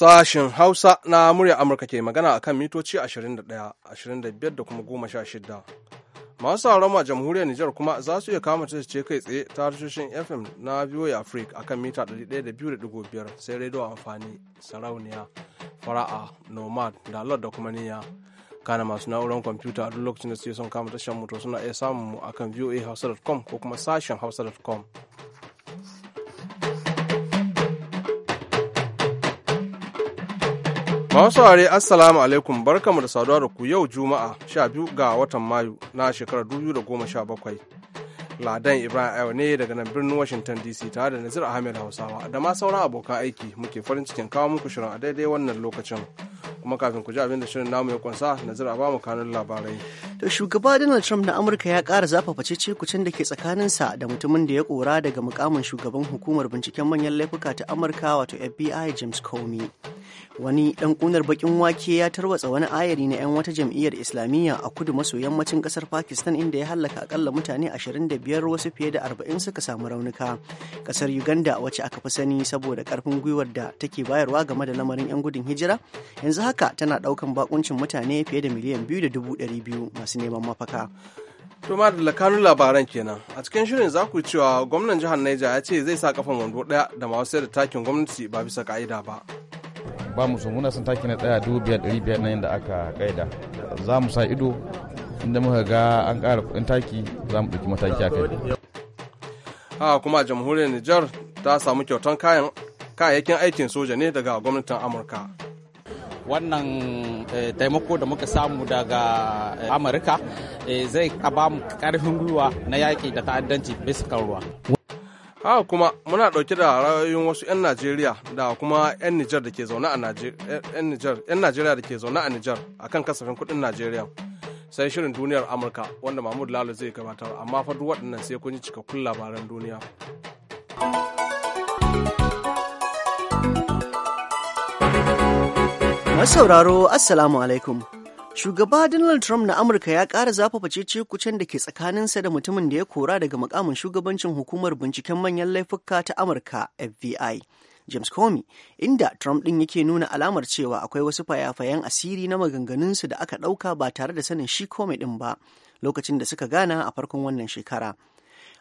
Sashen Hausa na murya Amurka ke magana akan mitoci 21, da kuma 16. Masu sauran a jamhuriyar Nijar kuma za su iya kama ce kai tsaye ta tashoshin FM na VOA Africa akan mita 102.5 sai rediyo amfani sarauniya fara'a nomad da da kuma niyya. kana masu na'urar kwamfuta a duk lokacin da suke son kama tashar mutu suna iya samun mu akan Hausa.com ko kuma sashen hausa.com. Masu saurare Assalamu alaikum barkamu da saduwa da ku yau Juma'a 12 ga watan Mayu na shekarar 2017. Ladan Ibrahim Ayo ne daga nan birnin Washington DC tare da Nazir Ahmed Hausawa da ma sauran abokan aiki muke farin cikin kawo muku shirin a daidai wannan lokacin. Kuma kafin ku ji abin da shirin namu ya kunsa Nazir a bamu kanun labarai. To shugaba Donald Trump na Amurka ya kara zafafa cece-kucen da ke tsakaninsa da mutumin da ya kora daga mukamin shugaban hukumar binciken manyan laifuka ta Amurka wato FBI James Comey. Wani ɗan kunar bakin wake ya tarwatsa wani ayari na 'yan wata jam'iyyar Islamiyya a kudu maso yammacin kasar Pakistan inda ya hallaka akalla mutane 25 wasu fiye da 40 suka samu raunuka. kasar Uganda wacce aka fi sani saboda karfin gwiwar da take bayarwa game da lamarin 'yan gudun hijira yanzu haka tana ɗaukan bakuncin mutane fiye da miliyan 2.2. masu neman mafaka. Tuma da lakanun labaran kenan. A cikin shirin za ku cewa gwamnan jihar Niger ya ce zai sa kafan wando ɗaya da masu sayar da takin gwamnati ba bisa ka'ida ba. Ba mu sun muna son taki na ɗaya dubu biyar ɗari biyar na yadda aka ƙaida. Za mu sa ido inda muka ga an ƙara kuɗin taki za mu ɗauki mataki a kai. a kuma jamhuriyar Nijar ta samu kyautan kayan kayayyakin aikin soja ne daga gwamnatin Amurka. wannan eh, taimako da muka samu daga eh, amurka eh, zai ba mu karfin gwiwa na yaƙi da ta'addanci bisa kan ruwa haka kuma muna ɗauke da ra'ayoyin wasu 'yan najeriya da kuma 'yan nijar da ke zaune a najeriya da ke zaune a nijar akan kasafin kuɗin najeriya sai shirin duniyar amurka wanda mahmud lalo zai gabatar amma fa waɗannan sai kun ji cikakkun labaran duniya. Masauraro, Assalamu alaikum. Shugaba Donald Trump na Amurka ya ƙara zafafa cece da ke tsakaninsa da mutumin da ya kora daga makamin shugabancin hukumar binciken manyan laifuka ta Amurka FBI. James Comey, inda Trump ɗin yake nuna alamar cewa akwai wasu fayafayen asiri na maganganunsu da aka ɗauka ba tare da sanin shi Comey ɗin ba lokacin da suka gana a farkon wannan shekara.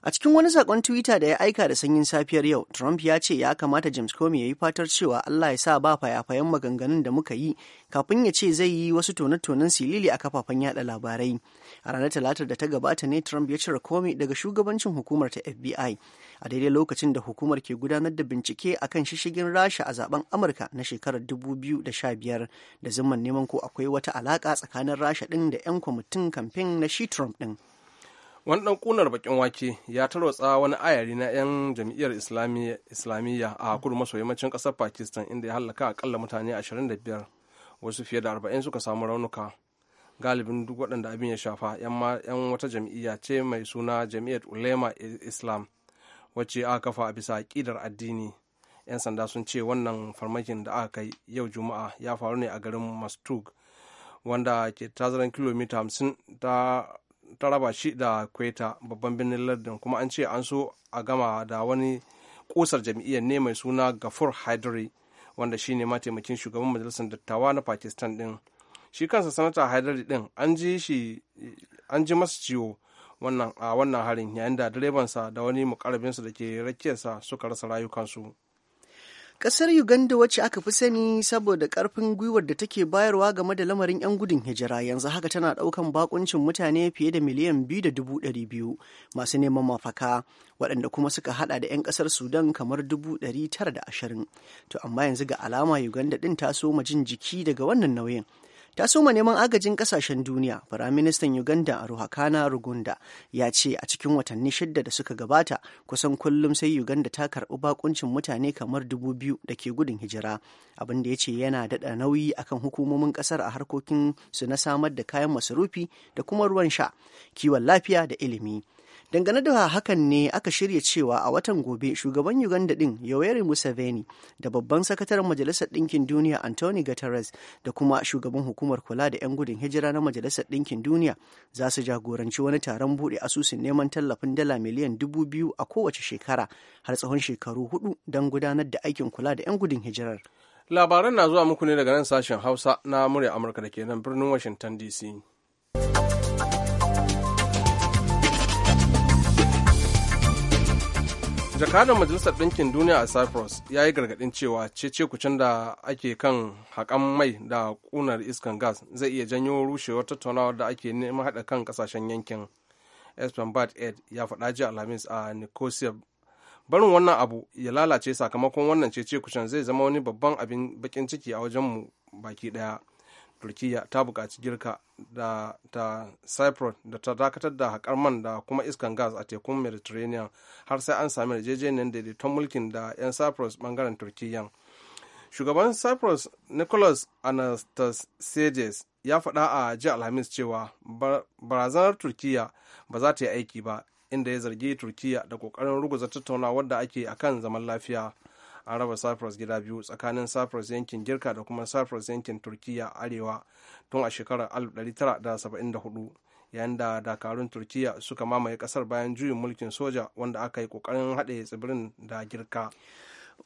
A cikin wani sakon Twitter da ya aika da sanyin safiyar yau, Trump ya ce ya kamata James Comey ya yi fatar cewa Allah ya sa ba fayafayen maganganun da muka yi kafin ya ce zai yi wasu tone-tonen silili a kafafen yada labarai. A ranar Talatar da ta gabata ne Trump ya cire Comey daga shugabancin hukumar ta FBI a daidai lokacin da hukumar ke gudanar da bincike a kan shishigin Rasha a zaben Amurka na shekarar 2015 da zimman neman ko akwai wata alaka tsakanin Rasha ɗin da 'yan kwamitin kamfen na shi Trump ɗin wani dan kunar bakin wake ya tarwatsa wani ayari na 'yan jam'iyyar islamiyya a kudu maso yammacin kasar pakistan inda ya hallaka akalla mutane 25 wasu fiye da 40 suka samu raunuka galibin duk waɗanda abin ya shafa 'yan wata jam'iyya ce mai suna jam'iyyar ulema islam wacce aka kafa a bisa ƙidar addini 'yan sanda sun ce wannan farmakin da aka kai yau juma'a ya faru ne a garin mastug wanda ke tazaran kilomita 50 ta taraba shi da kweta babban birnin lardin kuma an ce an so a gama da wani kusar jam'iyyar ne mai suna gafur haidari wanda shine mataimakin shugaban majalisar dattawa na pakistan din shi kansa sanata haidari din an ji shi masa ciwo a wannan harin yayin da direbansa da wani mukarabinsa da ke rakiyarsa suka rasa rayukansu. Ƙasar Uganda wacce aka fi sani saboda ƙarfin gwiwar da take bayarwa game da lamarin 'yan gudun hijira yanzu haka tana ɗaukan bakuncin mutane fiye da miliyan biyu da dubu ɗari biyu masu neman mafaka waɗanda kuma suka haɗa da 'yan ƙasar Sudan kamar dubu ɗari tara da ashirin. To amma yanzu ga alama Uganda ɗin ta soma jin jiki daga wannan nauyin ta soma neman agajin kasashen duniya firaministan uganda a ruhakana rugunda ya ce a cikin watanni shidda da suka gabata kusan kullum sai uganda ta karɓi bakuncin mutane kamar dubu biyu da ke gudun hijira abin da ya ce yana daɗa nauyi akan hukumomin ƙasar a harkokin su na samar da kayan masarufi da kuma ruwan sha kiwon lafiya da ilimi dangane da hakan ne aka shirya cewa a watan gobe shugaban uganda din yoweri museveni da babban sakataren majalisar ɗinkin duniya anthony guterres da kuma shugaban hukumar kula da 'yan gudun hijira na majalisar ɗinkin duniya za su jagoranci wani taron buɗe asusun neman tallafin dala miliyan dubu biyu a kowace shekara har tsawon shekaru hudu don gudanar da aikin kula da 'yan gudun hijirar labaran na zuwa muku ne daga nan sashen hausa na murya amurka da ke nan birnin washington dc jakadan majalisar ɗinkin duniya a cyprus ya yi gargaɗin cewa cece kucin da ake kan haƙan mai da ƙunar iskan gas zai iya janyo rushewar tattaunawar da ake neman haɗa kan ƙasashen yankin espan bad ed ya faɗa ji alhamis a nicosia barin wannan abu ya lalace sakamakon wannan cece kucin zai zama wani babban abin bakin ciki a wajenmu baki ɗaya turkiya ta buƙaci girka da ta cyprus da ta dakatar da haƙar man da kuma iskan gas a tekun mediterranean har sai an sami yarjejeniyar daidaiton mulkin da 'yan cyprus bangaren turkiyan shugaban cyprus nicholas anastasiades ya faɗa a jiya alhamis cewa barazanar turkiyya ba za ta yi aiki ba inda ya zargi turkiyya da ƙoƙarin ruguza tattaunawar da ake akan zaman lafiya a raba cyprus gida biyu tsakanin cyprus yankin girka da kuma cyprus yankin turkiya arewa tun a shekarar 1974 yayin da dakarun turkiya suka mamaye kasar bayan juyin mulkin soja wanda aka yi kokarin haɗe tsibirin da girka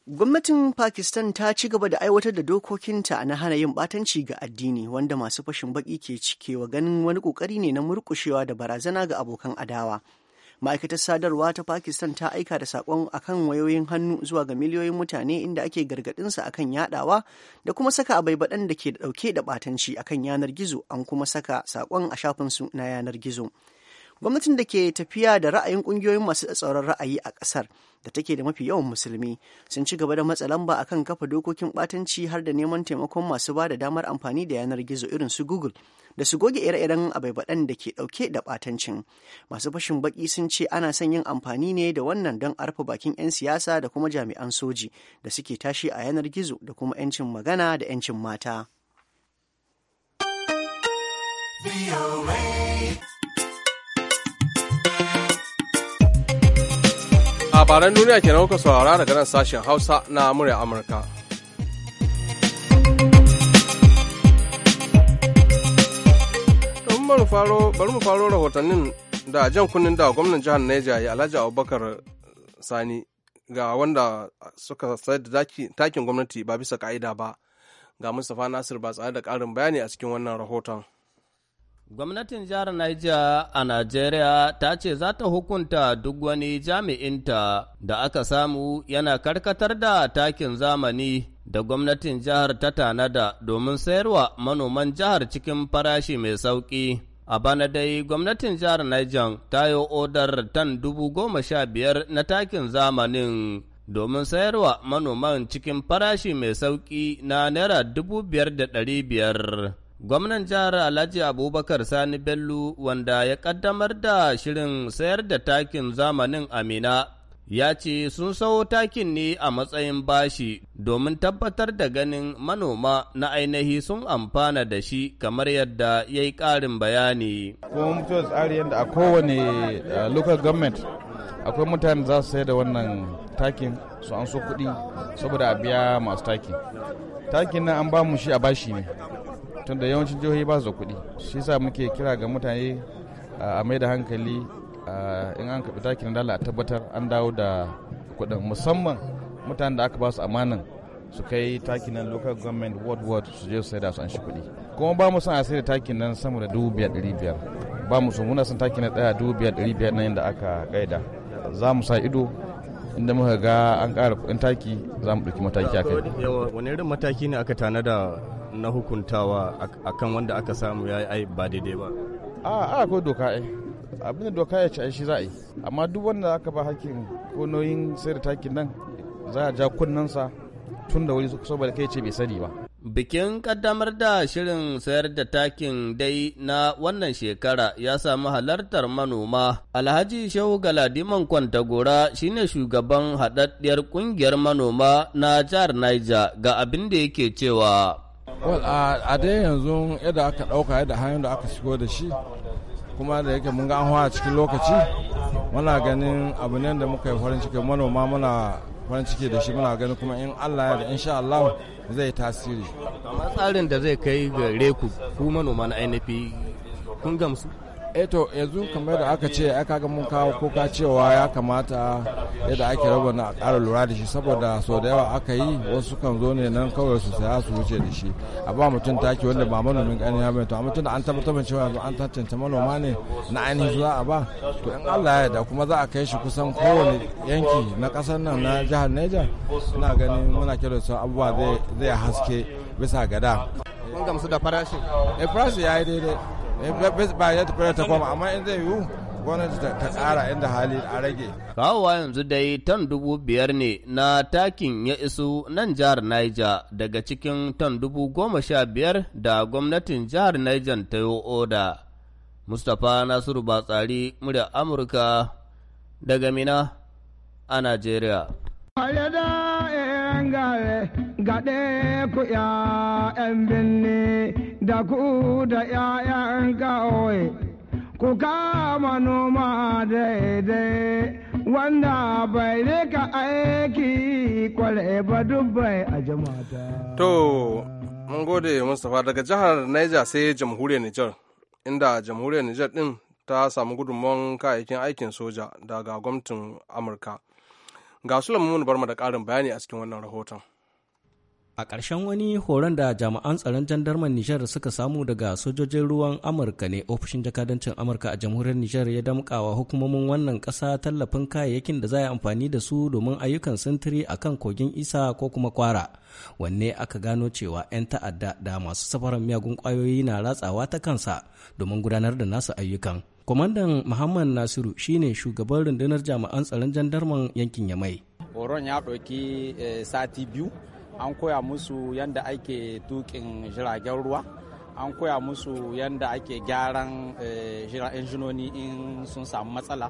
Gwamnatin Pakistan ta ci gaba da aiwatar da dokokinta na hana yin batanci ga addini wanda masu fashin baki ke cikewa ganin wani kokari ne na murkushewa da barazana ga abokan adawa. ma'aikatar sadarwa ta pakistan ta aika da sakon akan wayoyin hannu zuwa ga miliyoyin mutane inda ake gargadinsa akan yadawa da kuma saka abaibaɗan da ke dauke da batanci akan yanar gizo an kuma saka sakon a shafin su na yanar gizo gwamnatin da ke tafiya da ra'ayin ƙungiyoyin masu tsatsauran ra'ayi a ƙasar da take da mafi yawan musulmi sun ci gaba da matsa lamba akan kafa dokokin ɓatanci har da neman taimakon masu ba da damar amfani da yanar gizo irin su google da su goge ire-iren abaibaɗan da ke ɗauke da batancin masu fashin baƙi sun ce ana son yin amfani ne da wannan don arfa bakin 'yan siyasa da kuma jami'an soji da suke tashi a yanar gizo da kuma 'yancin magana da 'yancin mata. labaran duniya kenan kuka saurara daga nan sashen hausa na murya amurka bari mu faro rahotannin da jan kunnin da gwamnan jihar Neja ya Alhaji Abubakar Sani ga wanda suka sayar da takin gwamnati ba bisa ka'ida ba ga mustafa Nasir ba tsare da ƙarin bayani a cikin wannan rahoton. Gwamnatin jihar Niger a Najeriya ta ce za ta hukunta duk wani jami'inta da aka samu yana karkatar da takin zamani da gwamnatin jihar ta tanada domin sayarwa manoman jihar cikin farashi mai sauƙi. A bana dai gwamnatin jihar Niger ta yi odar tan dubu goma sha biyar na takin zamanin domin sayarwa manoman cikin farashi mai sauƙi na naira dubu biyar da ɗari biyar. Gwamnan jihar Alhaji Abubakar Sani Bello wanda ya kaddamar da shirin sayar da takin zamanin Amina ya ce sun sayo takin ne a matsayin bashi domin tabbatar da ganin manoma na ainihi sun amfana da shi kamar yadda ya yi ƙarin bayani. Kuma mutuwar tsari yadda a kowane eh, local government akwai mutane za su sayar da wannan takin su an so kuɗi saboda a biya masu takin. Takin nan an ba mu shi a bashi ne. tunda yawancin jihohi ba su da kuɗi shi sa muke kira ga mutane a mai da hankali in an kaɓi takin dala a tabbatar an dawo da kuɗin musamman mutanen da aka ba su amanan su kai takin nan local government world world su je su sai da su an shi kuɗi kuma ba mu son a sai da takin nan sama da dubu biyar ɗari biyar ba mu son muna son takin na ɗaya dubu biyar ɗari biyar nan yadda aka gaida za mu sa ido inda muka ga an ƙara kuɗin taki za mu ɗauki mataki a kai. wani irin mataki ne aka tanada na hukuntawa akan wanda aka samu ya yi ba daidai ba a akwai doka ai abin da doka ya ci shi za a yi amma duk wanda aka ba hakkin ko nauyin sayar da takin nan za a ja kunnensa tun da wuri saboda kai ce bai sani ba Bikin kaddamar da shirin sayar da takin dai na wannan shekara ya sami halartar manoma. Alhaji Shehu Galadiman Kwantagora shine shugaban haɗaɗɗiyar ƙungiyar manoma na jihar Niger ga abin da yake cewa. Well, a dai yanzu yadda aka ɗauka yadda hanyar da aka shigo da shi kuma da yake mun ga an a cikin lokaci muna ganin abu ne da muka yi farin ciki manoma muna farin ciki da shi muna ganin kuma in Allah ya da insha Allah zai tasiri. Amma tsarin da zai kai ga reku ku manoma na ainihi kun gamsu? eto eh yanzu kamar da aka ce aka ga mun kawo kuka cewa ya kamata yadda ake raba na ƙara lura da shi saboda sau da yawa aka yi wasu kan zo ne nan kawai su saya su wuce da shi a ba mutum taki wanda ba manomin ƙani ya bai to amma tun da an tabbatar mai cewa an tantance manoma ne na ainihin za a ba to in Allah ya yarda kuma za a kai shi kusan kowane yanki na ƙasar nan na jihar Niger ina ganin muna kira su abubuwa zai haske bisa gada. Mun gamsu da farashi. Eh farashi ya yi daidai. Eh, ba ya tafi ta koma amma in zai yiwu gwamnati ta tsara inda hali a rage. Kawowa yanzu dai ton dubu biyar ne na takin ya isu nan jihar Niger daga cikin ton dubu goma sha biyar da gwamnatin jihar Niger ta yi oda. Mustapha Nasiru Batsari murya Amurka daga Mina a Najeriya. Eh, gaɗe ku ‘ya'yan binne da ku da ‘ya'yan ƙauye, ku kama noma daidai wanda bai rika aiki kwale ba dubbai a jama'ata. To, mun gode mustafa daga jihar Niger sai jamhuriyar Nijar, inda jamhuriyar Nijar ɗin ta samu gudunmawar kayayyakin aikin soja daga gwamnatin Amurka. Ga Sulaiman Mun bar da ƙarin bayani a cikin wannan rahoton. A ƙarshen wani horon da jami'an tsaron jandarman Nijar suka samu daga sojojin ruwan Amurka ne ofishin jakadancin Amurka a jamhuriyar Nijar ya wa hukumomin wannan ƙasa tallafin kayayyakin da za a amfani da su domin ayyukan sintiri a kan kogin isa ko kuma kwara. Wanne aka gano cewa 'yan ta'adda da masu safaran miyagun ƙwayoyi na ratsawa ta kansa domin gudanar da nasu ayyukan. Kwamandan Muhammad Nasiru shine shugaban rundunar jami'an tsaron jandarman yankin Yamai. Horon ya ɗauki eh, sati biyu an koya musu yadda ake tukin jiragen ruwa an koya musu yadda ake gyaran eh, injinoni in sun samu matsala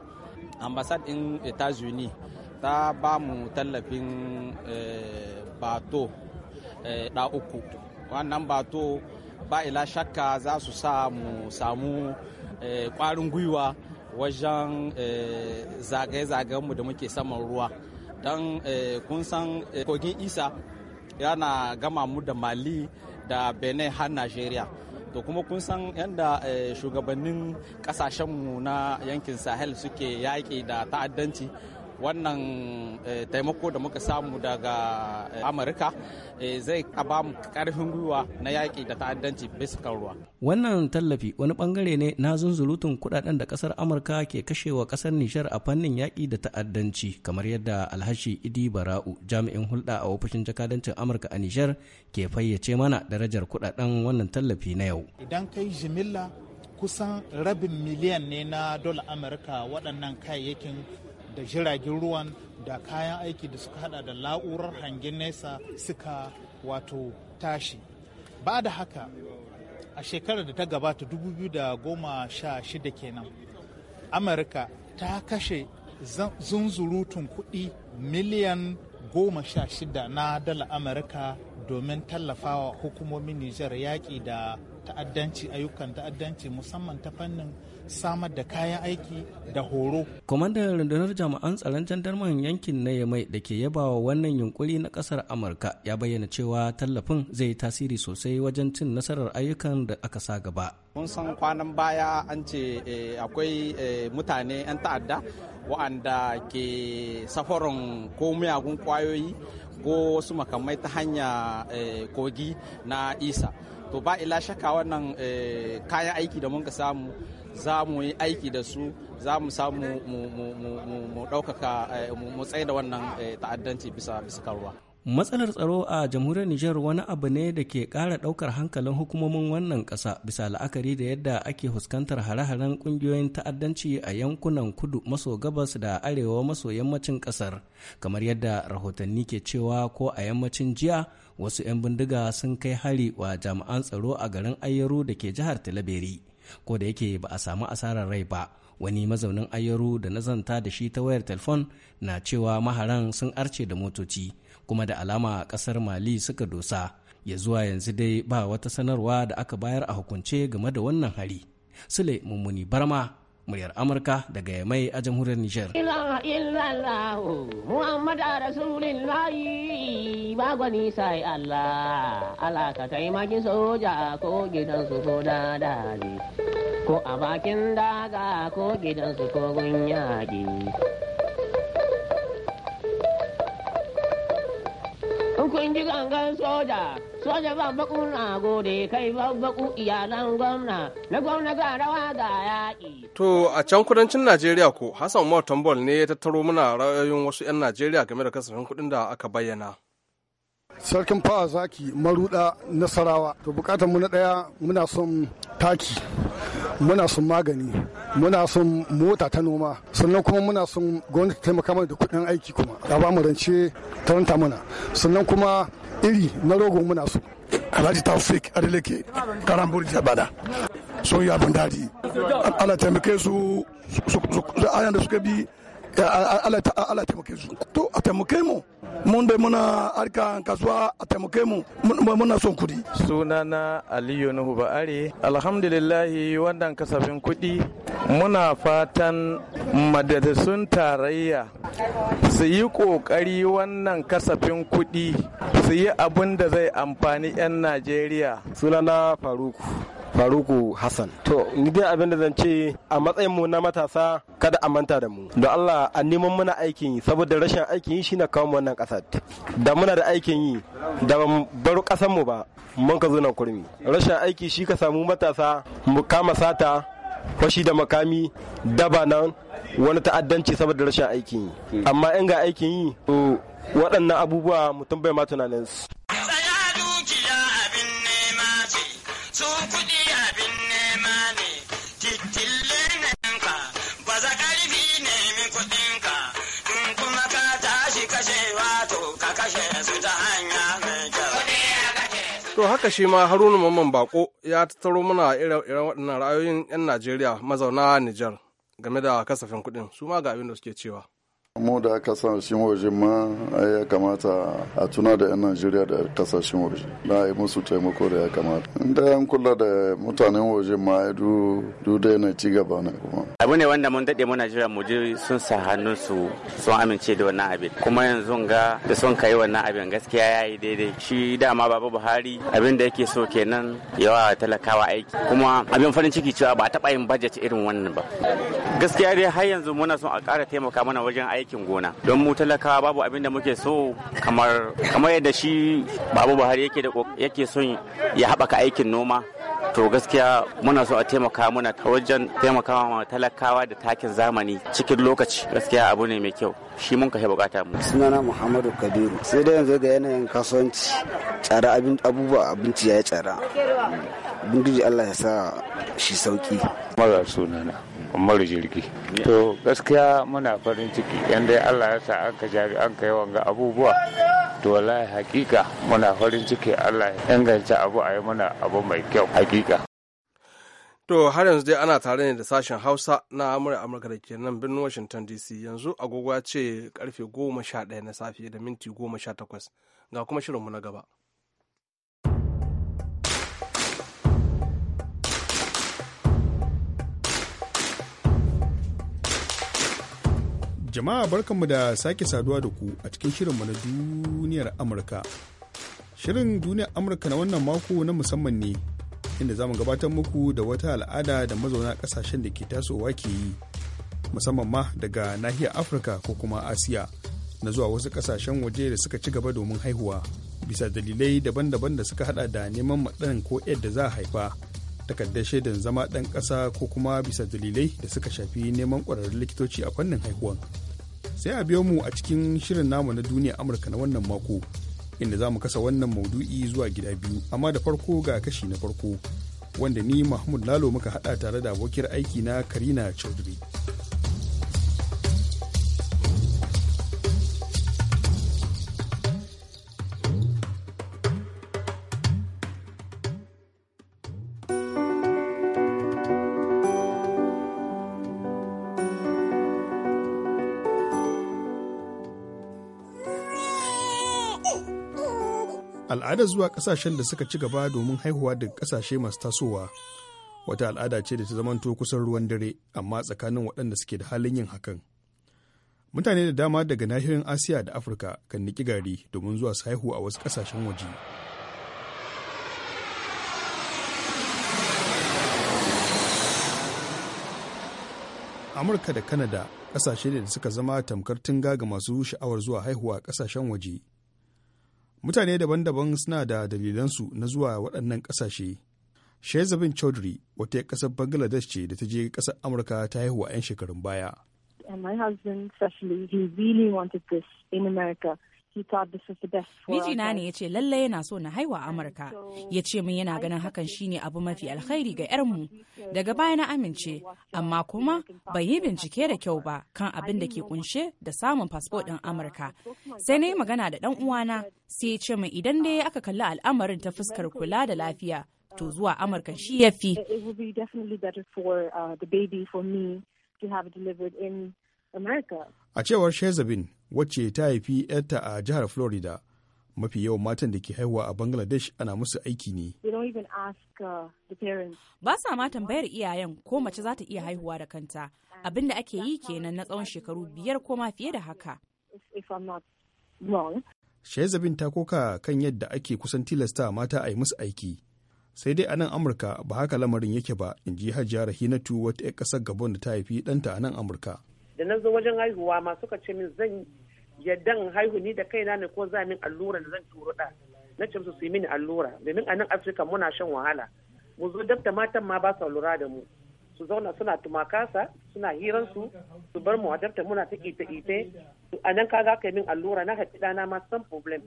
ambasad in etazuni ta ba mu tallafin eh, bato da eh, uku wannan bato ba ila shakka za su sa mu samu kwarin gwiwa wajen zagaye-zagayenmu da muke saman ruwa don kun san kogin isa yana gama mu da mali da benin har nigeria to kuma kun san yadda eh, shugabannin kasashenmu na yankin sahel suke yaƙi da ta'addanci wannan eh, taimako da muka samu daga eh, amurka eh, zai ba mu karfin gwiwa na yaƙi da ta'addanci bisa ruwa wannan tallafi wani bangare ne na zunzurutun kudaden da kasar amurka ke kashewa kasar nishar a fannin yaƙi da ta'addanci kamar yadda alhashi idi bara'u jami'in hulɗa a ofishin jakadancin amurka a nishar ke fayyace mana darajar kudaden wannan tallafi na yau idan kai jimilla kusan rabin miliyan ne na dola amurka waɗannan kayayyakin da jiragen ruwan da kayan aiki da suka hada da la'urar hangen nesa suka wato tashi ba da haka a shekarar da ta gabata 2016 kenan amurka ta kashe zunzurutun kudi miliyan 16 na dala amurka domin tallafawa hukumomin nijar yaƙi da ta'addanci ayyukan ta'addanci musamman ta fannin samar da kayan aiki da horo. Kwamandan rundunar jami'an tsaron jandarman yankin na Yamai da ke yabawa wannan yunkuri na ƙasar Amurka ya bayyana cewa tallafin zai yi tasiri sosai wajen cin nasarar ayyukan da aka sa gaba. Mun san kwanan baya an ce eh, akwai eh, mutane 'yan ta'adda wa'anda ke safarin ko miyagun kwayoyi ko wasu makamai ta hanya eh, kogi na isa. to ba ila shaka wannan eh, kayan aiki da mun ka samu za mu yi aiki da su za mu samu mu ɗaukaka eh, mu tsaye da wannan eh, ta'addanci bisa bisa karuwa. matsalar tsaro a jamhuriyar Nijar wani abu ne da ke ƙara ɗaukar hankalin hukumomin wannan ƙasa bisa la'akari da yadda ake fuskantar hare-haren ƙungiyoyin ta'addanci a yankunan kudu maso gabas da arewa maso yammacin ƙasar kamar yadda rahotanni ke cewa ko a yammacin jiya wasu 'yan bindiga sun kai hari wa jami'an tsaro a garin ayyaru da ke jihar talaberi ko da yake ba a samu asarar rai ba wani mazaunin ayyaru da na zanta da shi ta wayar telefon na cewa maharan sun arce da motoci kuma da alama kasar mali suka dosa ya zuwa yanzu dai ba wata sanarwa da aka bayar a hukunce game da wannan hari sule mummuni barma muryar amurka daga yamai a jamhuriyar nijar oh, soja ko gidansu ko ko a bakin daga ko gidansu ko gun yaƙi kun ji gangan soja soja ban baku na gode kai ban baku iyalan gwamna na gwamna ga rawa ga yaƙi. to a can kudancin najeriya ko hassan umar tambol ne ya tattaro muna ra'ayoyin wasu 'yan najeriya game da kasafin kuɗin da aka bayyana. sarkin fawa zaki maruda nasarawa to bukatar mu na daya muna son taki muna son magani muna son mota ta noma sannan kuma muna son gwamnati ta taimaka mana da kudin aiki kuma a ba mu rance ta ranta mana sannan kuma iri na rogo muna so alhaji taufik adeleke karambur jabada sun yi abin daɗi ala taimake su ayan da suka bi Eh, Allah taimake su to a taimake mu mun dai muna harkan kasuwa a taimake mu muna son kudi sunana Aliyu Nuhu Ba'are alhamdulillah wannan kasafin kudi muna fatan madadasun tarayya su yi kokari wannan kasafin kudi su yi abin da zai amfani 'yan Najeriya sunana Faruku faruku hassan to ni dai abin da zan ce a matsayin mu na matasa kada a manta da mu don allah a neman muna aikin yi saboda rashin aikin yi shine kawo wannan kasar da muna da aikin yi da ban baro kasar mu ba mun ka zo na kurmi rashin aiki shi ka samu matasa mu kama sata fashi da makami daba nan wani ta'addanci saboda rashin aikin yi amma in ga aikin yi waɗannan abubuwa mutum bai ma tunanin su To haka shi ma Haruna Mamman Bako ya tattaro mana irin waɗannan ra'ayoyin 'yan Najeriya mazauna Nijar game da kasafin kuɗin su ma ga abin da suke cewa. mu da kasashen waje ma ya kamata a tuna da 'yan najeriya da kasashen waje na yi musu taimako da ya kamata inda yan kula da mutanen waje ma du da yana ci gaba ne kuma abu ne wanda mun daɗe mu najeriya mu ji sun sa hannun su sun amince da wannan abin kuma yanzu ga da sun kai wannan abin gaskiya ya yi daidai shi dama babu buhari abin da yake so kenan yawa talakawa aiki kuma abin farin ciki cewa ba a taɓa yin bajet irin wannan ba gaskiya dai har yanzu muna son a ƙara taimaka mana wajen aiki aikin gona don mu talakawa babu abin da muke so kamar kamar yadda shi babu buhari yake da yake son ya haɓaka aikin noma to gaskiya muna so a taimaka muna ta wajen taimakawa talakawa da takin zamani cikin lokaci gaskiya abu ne mai kyau shi mun kashe bukata mu sunana muhammadu kabiru sai dai yanzu ga yanayin kasuwanci tsara abubuwa abinci ya yi tsara ubangiji allah ya sa shi sauki mara sunana mara jirgi to gaskiya muna farin ciki yan dai allah ya sa an ka jari an ka yawan ga abubuwa to wallahi hakika muna farin ciki allah ya inganta abu a yi muna abu mai kyau hakika To har yanzu dai ana tare ne da sashen Hausa na Amurka Amurka da ke nan birnin Washington DC yanzu agogo ce karfe goma sha ɗaya na safe da minti goma sha takwas ga kuma shirinmu na gaba. Jama'a barkanmu da sake saduwa da ku a cikin shirinmu na duniyar Amurka. Shirin duniyar Amurka na wannan mako na musamman ne, inda za mu gabatar muku da wata al'ada da mazauna ƙasashen da ke tasowa ke yi, musamman ma daga nahiyar Afirka ko kuma Asiya, na zuwa wasu ƙasashen waje da suka ci gaba domin haihuwa, bisa dalilai daban-daban da suka haɗa da neman maɗan ko yadda za a haifa. takardar shaidan zama ɗan ƙasa ko kuma bisa dalilai da suka shafi neman ƙwararrun likitoci a fannin haihuwan sai a biyo mu a cikin shirin namu na duniya amurka na wannan mako inda za mu kasa wannan maudu'i zuwa gida biyu amma da farko ga kashi na farko wanda ni mahmud lalo muka haɗa tare da abokiyar aiki na karina chaudhry al'ada zuwa kasashen da suka ci gaba domin haihuwa daga kasashe masu tasowa wata al'ada ce da ta zamanto kusan ruwan dare amma tsakanin waɗanda suke da halin yin hakan mutane da dama daga nahiyar asiya da afirka kan niki gari domin zuwa su haihu a wasu kasashen waje amurka da kanada kasashe ne da suka zama tamkar tunga ga masu sha'awar zuwa haihuwa a kasashen waje mutane daban-daban suna da dalilansu na zuwa waɗannan ƙasashe shezabin chaudhry wata ƙasar bangladesh ce da ta je ƙasar amurka ta haihuwa 'yan shekarun baya my husband, especially, he really wanted this in America. Mijina ne ya ce lalle yana so na haiwa Amurka, ya ce min yana ganin hakan shine abu mafi alkhairi ga 'yarmu. Daga baya na amince, amma kuma bai yi bincike da kyau ba kan abin da ke kunshe da samun fasfo ɗin uh, Amurka. Sai na yi magana da ɗan uwana, sai ya ce min idan dai aka kalli al'amarin ta fuskar kula da lafiya, uh, to zuwa Amurka shi ya fi. A cewar Shezabin, wacce ta haifi 'yarta a jihar florida mafi yawan matan da ke haihuwa a bangladesh ana musu aiki ne uh, ba sa ma tambayar iyayen ko mace za ta iya haihuwa da kanta abin da ake yi kenan na tsawon shekaru biyar ko ma fiye da haka shaizabin ta koka kan yadda ake kusan tilasta mata a yi musu aiki sai dai a nan amurka ba haka lamarin yake ba in ji hajiya rahinatu wata 'yan kasar gabon da ta haifi ɗanta a nan amurka da na zo wajen haihuwa ma suka ce min zan yaddan haihu ni da kaina ne ko za min allura da zan turo da na ce su mini allura domin a nan afirka muna shan wahala mu zo dab matan ma ba su lura da mu su zauna suna tumakasa suna hiran su su bar mu a muna ta ita ita a nan kaga kai min allura na haɗi ɗana ma san problem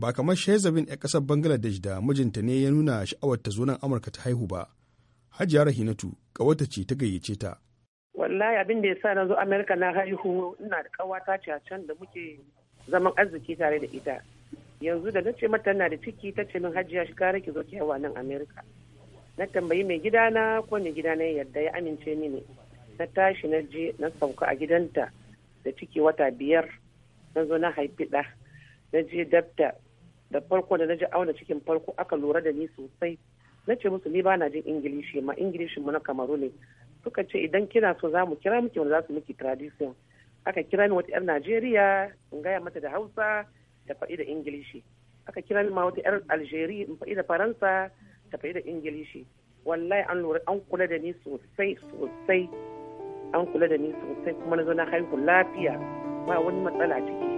ba kamar shezabin a ƙasar bangladesh da mijinta ne ya nuna sha'awar ta zo nan amurka ta haihu ba hajiya rahinatu ƙawarta ce ta gayyace ta wallahi abin da ya sa na zo amerika na haihu ina da kawata ce a can da muke zaman arziki tare da ita yanzu da na ce mata na da ciki ta ce min hajiya shi kare ki zo ki haihuwa nan amerika na tambayi mai gidana ko mai gida ya yarda ya amince mini na tashi na je na sauka a gidanta da ciki wata biyar na zo na haifi ɗa na je dabta da farko da na je auna cikin farko aka lura da ni sosai na ce musu ni ba na jin ingilishi ma ingilishin mu na kamaru ne suka ce idan kina so za mu kira miki wanda za su miki tradition aka kira ni wata 'yar najeriya in gaya mata da hausa ta faɗi da ingilishi aka kira ni ma wata 'yar algeria in faɗi da faransa ta faɗi da ingilishi wallahi an lura an kula da ni sosai sosai an kula da ni sosai kuma na zo na haihu lafiya ba wani matsala ciki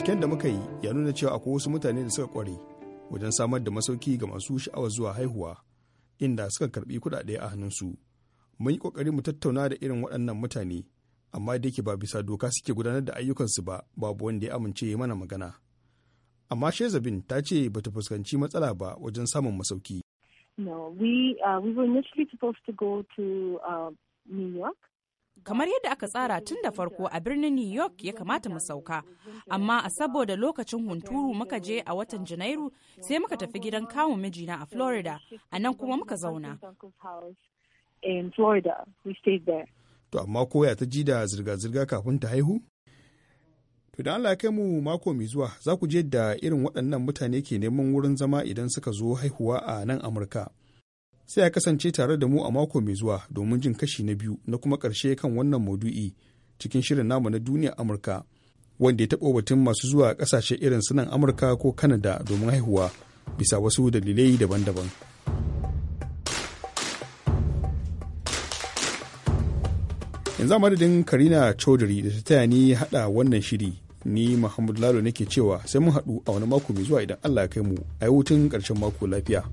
binciken da muka yi ya nuna cewa akwai wasu mutane da suka kware wajen samar da masauki ga masu sha'awar zuwa haihuwa inda suka karbi kudade a hannunsu mun yi kokari mu tattauna da irin waɗannan mutane amma da yake ba bisa doka suke gudanar da ayyukansu ba babu wanda ya amince mana magana amma shezabin ta ce ba ta fuskanci matsala ba wajen samun masauki No, uh, go to uh, kamar yadda aka tsara tun da farko a birnin new york ya kamata mu sauka amma a saboda lokacin hunturu muka je a watan janairu sai muka tafi gidan kawun mijina a florida a nan kuma muka zauna to amma koya ta ji da zirga-zirga kafin ta haihu to da Allah kai mu mako mai zuwa za ku je da irin waɗannan mutane ke neman wurin zama idan suka zo haihuwa a nan amurka sai a kasance tare da mu a mako mai zuwa domin jin kashi na biyu na kuma ƙarshe kan wannan maudu'i cikin shirin namu na duniya amurka wanda ya taɓa batun masu zuwa ƙasashe irin su amurka ko kanada domin haihuwa bisa wasu dalilai daban-daban yanzu a madadin karina chaudhary da ta taya ni haɗa wannan shiri ni muhammadu lalo nake cewa sai mun haɗu a wani mako mai zuwa idan allah ya kai mu a yi ƙarshen mako lafiya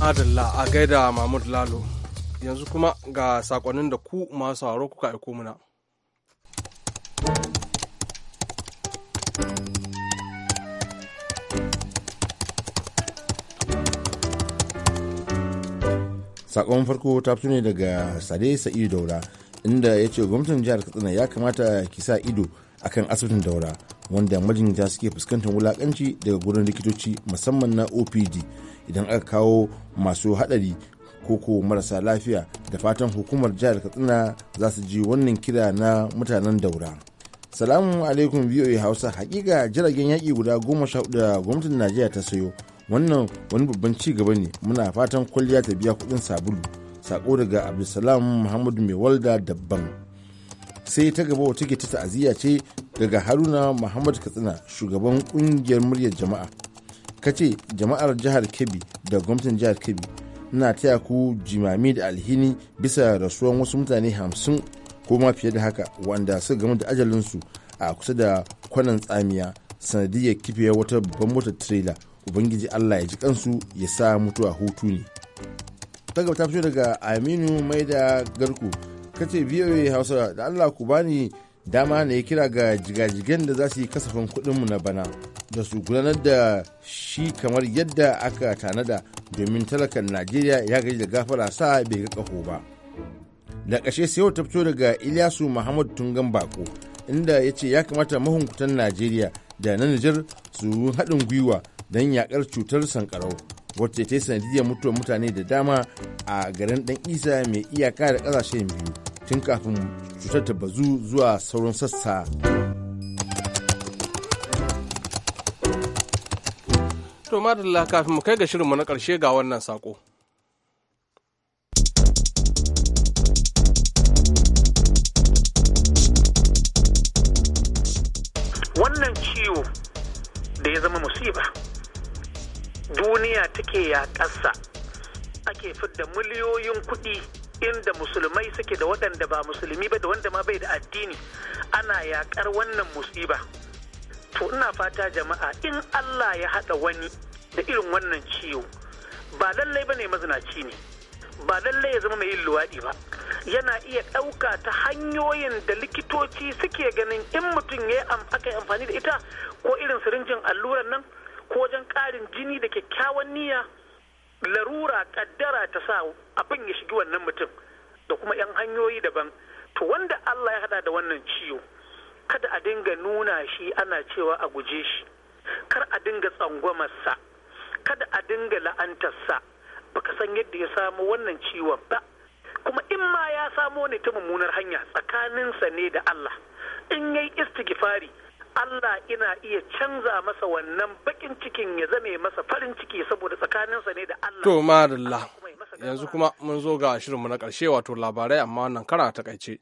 Adalla a gaida Mahmud Lalo. Yanzu kuma ga sakonnin da ku masu haro kuka aiko muna. Sakon farko ta fito ne daga Sade Sa'idu Daura inda ya ce gwamnatin jihar Katsina ya kamata ki sa ido akan asibitin Daura. wanda majinyata suke fuskantar wulakanci daga gurin likitoci musamman na opd idan aka kawo masu ko ko marasa lafiya da fatan hukumar jihar katsina za su ji wannan kira na mutanen daura salamu alaikum voa hausa hakika jiragen yaƙi guda goma sha hudu da gwamnatin najeriya ta sayo wannan wani babban ci gaba ne muna fatan kwalliya ta biya kuɗin sabulu sako daga abdulsalam muhammadu mai walda dabban sai ta gaba wata ta ta'aziyya ce daga haruna muhammad katsina shugaban kungiyar muryar jama'a ka ce jama'ar jihar kebbi da gwamnatin jihar kebbi na taya ku jimami da alhini bisa rasuwan wasu mutane hamsin ko ma fiye da haka wanda suka gamu da ajalinsu a kusa da kwanan tsamiya sanadiyar kifiyar wata babban motar trailer ubangiji allah ya ji kansu ya sa mutuwa hutu ne ta gaba ta fito daga aminu mai da garku kace voa hausa da allah ku bani dama ne kira ga jigajigen da za su yi kasafin kuɗinmu na bana da su gudanar da shi kamar yadda aka tanada domin talakan najeriya ya gaji da gafara sa bai ga kaho ba da kashe sai wata ta fito daga ilyasu muhammad tungan bako inda ya ce ya kamata mahunkutan najeriya da na nijar su haɗin gwiwa don yaƙar cutar sankarau wacce ta yi sanadiyar mutuwar mutane da dama a garin dan isa mai iyaka da ƙasashen biyu tun kafin cutar ta bazu zuwa sauran sassa to madalla kafin mu kai ga shirinmu na karshe ga wannan sako wannan ciwo da ya zama musiba duniya take ya ƙasa ake fidda miliyoyin kuɗi inda musulmai suke da waɗanda ba musulmi ba da wanda ma bai da addini ana yaƙar wannan musiba to ina fata jama'a in Allah ya haɗa wani da irin wannan ciwo ba lallai ba ne mazinaci ne ba lallai ya zama mai yin luwaɗi ba yana iya ɗauka ta hanyoyin da likitoci suke ganin in mutum ya yi amfani da ita ko irin sirinjin allurar nan ko wajen ƙarin jini da kyakkyawan niyya larura kaddara ta sa abin ya shigi wannan mutum da kuma 'yan hanyoyi daban to wanda Allah ya hada da wannan ciwo kada a dinga nuna shi ana cewa a guje shi kar a dinga tsangwamarsa kada a dinga la'antarsa baka san yadda ya samu wannan ciwon ba kuma in ma ya samo ne ta mummunar hanya tsakaninsa ne da Allah in yayi istighfari Allah ina iya canza masa wannan bakin cikin ya zame masa farin ciki saboda tsakaninsa ne da Allah. To madalla yanzu kuma mun zo ga shirinmu na ƙarshe wato labarai amma wannan kara ta ƙaice.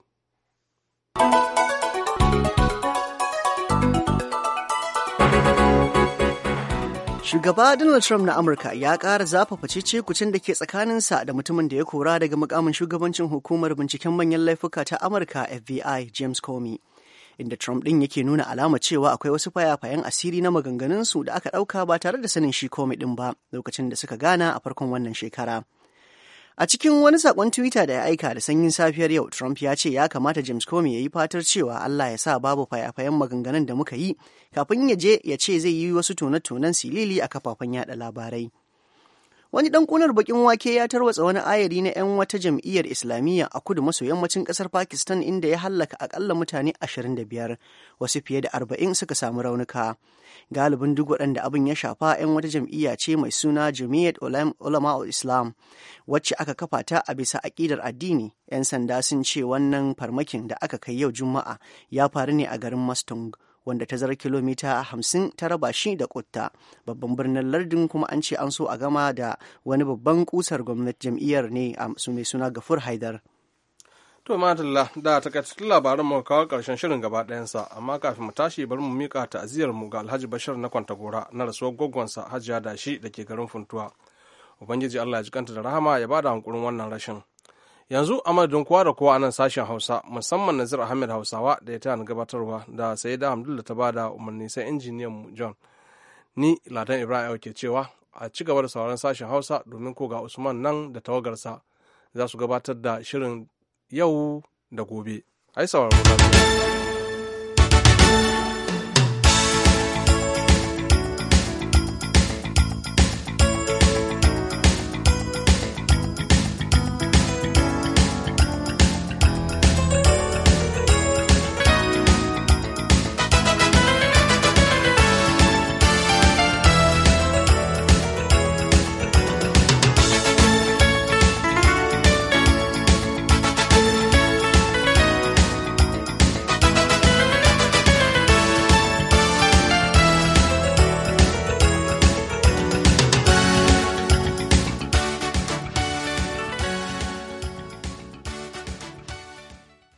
Shugaba Donald Trump na Amurka ya ƙara zafafa cece-kucin da ke tsakaninsa da mutumin da ya kora daga mukamin shugabancin hukumar binciken manyan laifuka ta Amurka FBI James Comey. inda Trump ɗin yake nuna alama cewa akwai wasu fayafayen asiri na maganganunsu da aka ɗauka ba tare da sanin shi komai ɗin ba lokacin da suka gana a farkon wannan shekara. A cikin wani sakon Twitter da ya aika da sanyin safiyar yau, Trump ya ce ya kamata James Comey ya yi fatar cewa Allah ya sa babu fayafayen maganganun da muka yi kafin ya je ya ce zai yi wasu tone tunan silili a kafafen yada labarai. Wani dan kunar bakin wake ya tarwatsa wani ayari na 'yan wata jam'iyyar Islamiyya a kudu maso yammacin ƙasar Pakistan inda ya hallaka akalla mutane 25, wasu fiye da 40 suka samu raunuka. Galibin duk waɗanda abin ya shafa 'yan wata jam'iyya ce mai suna Jamiyyat Ulama Islam, wacce aka kafa ta a bisa aƙidar addini. 'Yan sanda sun ce wannan farmakin da aka kai yau Juma'a ya faru ne a garin Mastung. wanda ta zara kilomita hamsin ta raba shi da kutta babban birnin lardin kuma an ce an so a gama da wani babban kusar gwamnati jam'iyyar ne a mai suna gafur haidar to madalla da takaitattun labaran mu kawo karshen shirin gaba ɗayansa amma kafin mu tashi bari mu mika ta'aziyar mu ga Alhaji Bashir na Kwantagora na rasuwar gwaggonsa Hajiya shi da ke garin Funtuwa ubangiji Allah ya ji da rahama ya bada hankurin wannan rashin yanzu a madadin kowa da kowa a nan sashen hausa musamman nazir ahmed hausawa da ya tana gabatarwa da sai da hamdulla ta bada umarni sai injiniyan mu john ni ladan ibrahim ke cewa a ci gaba da sauran sashen hausa domin ko ga usman nan da tawagarsa za su gabatar da shirin yau da gobe ai sauraron